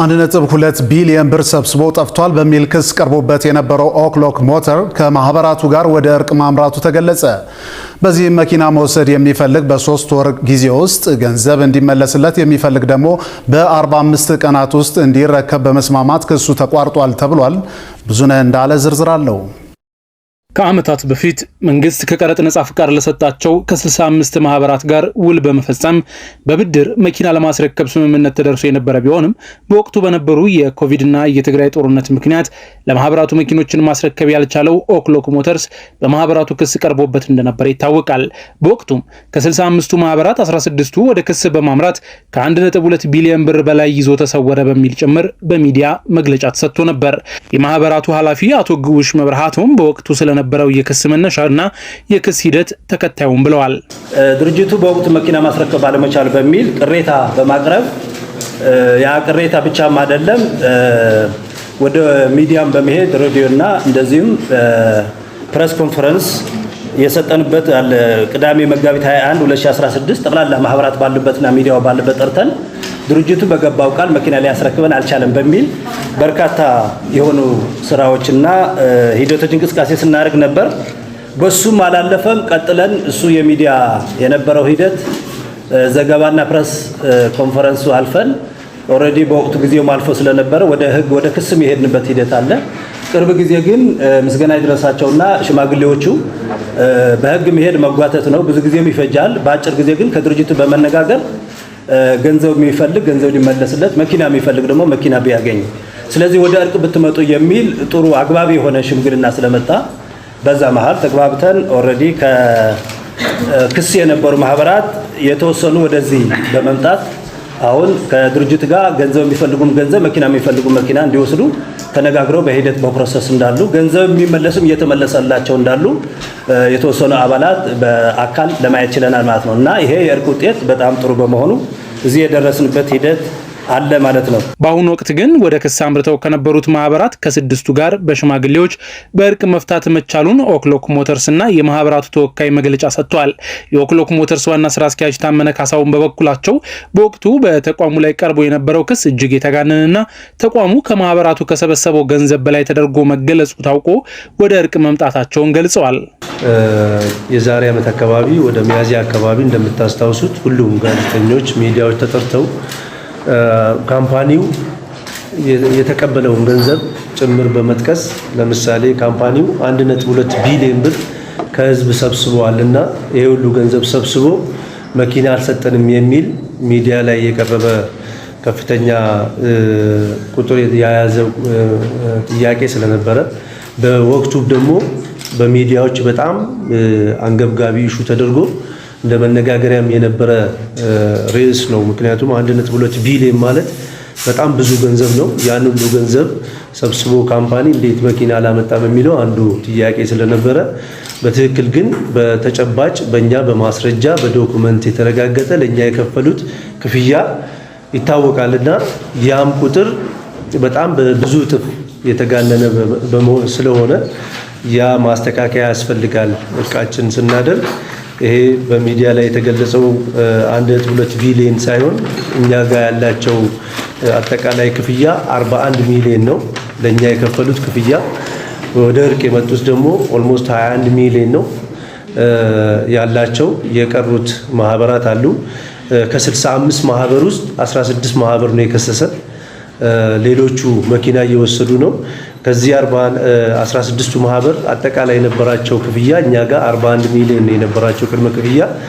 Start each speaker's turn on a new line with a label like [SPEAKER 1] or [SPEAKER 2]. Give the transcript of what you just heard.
[SPEAKER 1] 1.2 ቢሊዮን ብር ሰብስቦ ጠፍቷል በሚል ክስ ቀርቦበት የነበረው ኦክሎክ ሞተር ከማህበራቱ ጋር ወደ እርቅ ማምራቱ ተገለጸ። በዚህም መኪና መውሰድ የሚፈልግ በሶስት ወር ጊዜ ውስጥ ገንዘብ እንዲመለስለት የሚፈልግ ደግሞ በ45 ቀናት ውስጥ እንዲረከብ በመስማማት ክሱ ተቋርጧል ተብሏል። ብዙነህ እንዳለ ዝርዝር አለው።
[SPEAKER 2] ከዓመታት በፊት መንግስት ከቀረጥ ነጻ ፍቃድ ለሰጣቸው ከ65 ማህበራት ጋር ውል በመፈጸም በብድር መኪና ለማስረከብ ስምምነት ተደርሶ የነበረ ቢሆንም በወቅቱ በነበሩ የኮቪድና የትግራይ ጦርነት ምክንያት ለማህበራቱ መኪኖችን ማስረከብ ያልቻለው ኦክሎክ ሞተርስ በማህበራቱ ክስ ቀርቦበት እንደነበረ ይታወቃል። በወቅቱም ከ65ቱ ማህበራት 16ቱ ወደ ክስ በማምራት ከ1.2 ቢሊዮን ብር በላይ ይዞ ተሰወረ በሚል ጭምር በሚዲያ መግለጫ ተሰጥቶ ነበር። የማህበራቱ ኃላፊ አቶ ግውሽ መብርሃቶም በወቅቱ ስለነበ የነበረው የክስ መነሻና የክስ ሂደት ተከታዩም ብለዋል።
[SPEAKER 3] ድርጅቱ በወቅቱ መኪና ማስረከብ ባለመቻል በሚል ቅሬታ በማቅረብ ያ ቅሬታ ብቻም አይደለም ወደ ሚዲያም በመሄድ ሬዲዮና እንደዚሁም ፕሬስ ኮንፈረንስ የሰጠንበት አለ። ቅዳሜ መጋቢት 21 2016 ጠቅላላ ማህበራት ባሉበትና ሚዲያው ባለበት ጠርተን ድርጅቱ በገባው ቃል መኪና ሊያስረክበን አልቻለም በሚል በርካታ የሆኑ ስራዎችና ሂደቶች እንቅስቃሴ ስናደርግ ነበር። በሱም አላለፈም። ቀጥለን እሱ የሚዲያ የነበረው ሂደት ዘገባና ፕረስ ኮንፈረንሱ አልፈን ኦልሬዲ በወቅቱ ጊዜው አልፎ ስለነበረ ወደ ህግ ወደ ክስም የሄድንበት ሂደት አለ። ቅርብ ጊዜ ግን ምስጋና ይድረሳቸውና ሽማግሌዎቹ በህግ መሄድ መጓተት ነው፣ ብዙ ጊዜም ይፈጃል። በአጭር ጊዜ ግን ከድርጅቱ በመነጋገር ገንዘብ የሚፈልግ ገንዘብ ሊመለስለት፣ መኪና የሚፈልግ ደግሞ መኪና ቢያገኝ ስለዚህ ወደ እርቅ ብትመጡ የሚል ጥሩ አግባብ የሆነ ሽምግልና ስለመጣ በዛ መሀል ተግባብተን ኦልሬዲ ከክስ የነበሩ ማህበራት የተወሰኑ ወደዚህ በመምጣት አሁን ከድርጅት ጋር ገንዘብ የሚፈልጉም ገንዘብ መኪና የሚፈልጉም መኪና እንዲወስዱ ተነጋግረው በሂደት በፕሮሰስ እንዳሉ ገንዘብ የሚመለስም እየተመለሰላቸው እንዳሉ የተወሰኑ አባላት በአካል ለማየት ችለናል ማለት ነው እና ይሄ የእርቅ ውጤት በጣም ጥሩ በመሆኑ እዚህ የደረስንበት ሂደት አለ ማለት ነው።
[SPEAKER 2] በአሁኑ ወቅት ግን ወደ ክስ አምርተው ከነበሩት ማህበራት ከስድስቱ ጋር በሽማግሌዎች በእርቅ መፍታት መቻሉን ኦክሎክ ሞተርስ እና የማህበራቱ ተወካይ መግለጫ ሰጥተዋል። የኦክሎክ ሞተርስ ዋና ስራ አስኪያጅ ታመነ ካሳውን በበኩላቸው በወቅቱ በተቋሙ ላይ ቀርቦ የነበረው ክስ እጅግ የተጋነንና ተቋሙ ከማህበራቱ ከሰበሰበው ገንዘብ በላይ ተደርጎ መገለጹ ታውቆ ወደ እርቅ መምጣታቸውን ገልጸዋል።
[SPEAKER 3] የዛሬ ዓመት አካባቢ ወደ ሚያዚያ አካባቢ እንደምታስታውሱት ሁሉም ጋዜጠኞች፣ ሚዲያዎች ተጠርተው ካምፓኒው የተቀበለውን ገንዘብ ጭምር በመጥቀስ ለምሳሌ ካምፓኒው 1.2 ቢሊዮን ብር ከህዝብ ሰብስበዋል እና ይሄ ሁሉ ገንዘብ ሰብስቦ መኪና አልሰጠንም የሚል ሚዲያ ላይ የቀረበ ከፍተኛ ቁጥር የያዘ ጥያቄ ስለነበረ በወቅቱ ደግሞ በሚዲያዎች በጣም አንገብጋቢ ኢሹ ተደርጎ እንደ መነጋገሪያም የነበረ ርዕስ ነው። ምክንያቱም ሁለት ቢሊዮን ማለት በጣም ብዙ ገንዘብ ነው። ያን ሁሉ ገንዘብ ሰብስቦ ካምፓኒ እንዴት መኪና አላመጣም የሚለው አንዱ ጥያቄ ስለነበረ በትክክል ግን በተጨባጭ በእኛ በማስረጃ በዶኩመንት የተረጋገጠ ለእኛ የከፈሉት ክፍያ ይታወቃልና ያም ቁጥር በጣም በብዙ እጥፍ የተጋነነ ስለሆነ ያ ማስተካከያ ያስፈልጋል። እርቃችን ስናደርግ ይሄ በሚዲያ ላይ የተገለጸው አንድ ነጥብ ሁለት ቢሊዮን ሳይሆን እኛ ጋር ያላቸው አጠቃላይ ክፍያ 41 ሚሊዮን ነው። ለእኛ የከፈሉት ክፍያ ወደ እርቅ የመጡት ደግሞ ኦልሞስት 21 ሚሊዮን ነው ያላቸው። የቀሩት ማህበራት አሉ። ከ65 ማህበር ውስጥ 16 ማህበር ነው የከሰሰ ሌሎቹ መኪና እየወሰዱ ነው። ከዚህ 16ቱ ማህበር አጠቃላይ የነበራቸው ክፍያ እኛ ጋር 41 ሚሊዮን የነበራቸው ቅድመ ክፍያ